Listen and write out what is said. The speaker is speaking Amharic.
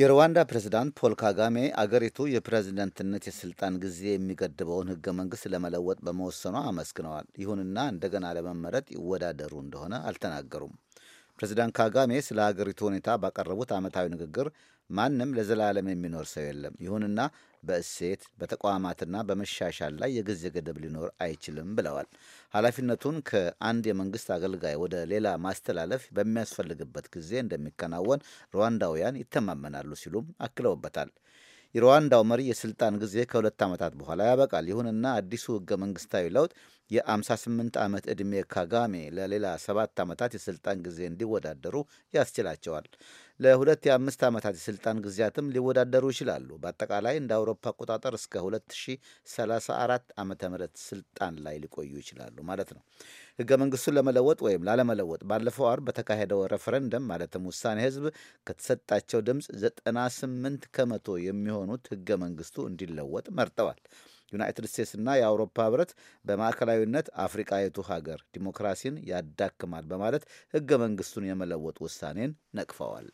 የሩዋንዳ ፕሬዝዳንት ፖል ካጋሜ አገሪቱ የፕሬዝደንትነት የስልጣን ጊዜ የሚገድበውን ህገ መንግስት ለመለወጥ በመወሰኗ አመስግነዋል። ይሁንና እንደገና ለመመረጥ ይወዳደሩ እንደሆነ አልተናገሩም። ፕሬዚዳንት ካጋሜ ስለ ሀገሪቱ ሁኔታ ባቀረቡት ዓመታዊ ንግግር ማንም ለዘላለም የሚኖር ሰው የለም፣ ይሁንና በእሴት በተቋማትና በመሻሻል ላይ የጊዜ ገደብ ሊኖር አይችልም ብለዋል። ኃላፊነቱን ከአንድ የመንግስት አገልጋይ ወደ ሌላ ማስተላለፍ በሚያስፈልግበት ጊዜ እንደሚከናወን ሩዋንዳውያን ይተማመናሉ ሲሉም አክለውበታል። የሩዋንዳው መሪ የስልጣን ጊዜ ከሁለት ዓመታት በኋላ ያበቃል። ይሁንና አዲሱ ህገ መንግስታዊ ለውጥ የ58 ዓመት ዕድሜ ካጋሜ ለሌላ ሰባት ዓመታት የስልጣን ጊዜ እንዲወዳደሩ ያስችላቸዋል። ለሁለት የአምስት ዓመታት የሥልጣን ጊዜያትም ሊወዳደሩ ይችላሉ። በአጠቃላይ እንደ አውሮፓ አቆጣጠር እስከ 2034 ዓ ም ስልጣን ላይ ሊቆዩ ይችላሉ ማለት ነው። ሕገ መንግሥቱን ለመለወጥ ወይም ላለመለወጥ ባለፈው አርብ በተካሄደው ሬፈረንደም ማለትም ውሳኔ ሕዝብ ከተሰጣቸው ድምፅ 98 ከመቶ የሚሆኑት ሕገ መንግሥቱ እንዲለወጥ መርጠዋል። ዩናይትድ ስቴትስና የአውሮፓ ህብረት በማዕከላዊነት አፍሪቃዊቱ ሀገር ዲሞክራሲን ያዳክማል በማለት ሕገ መንግሥቱን የመለወጥ ውሳኔን ነቅፈዋል።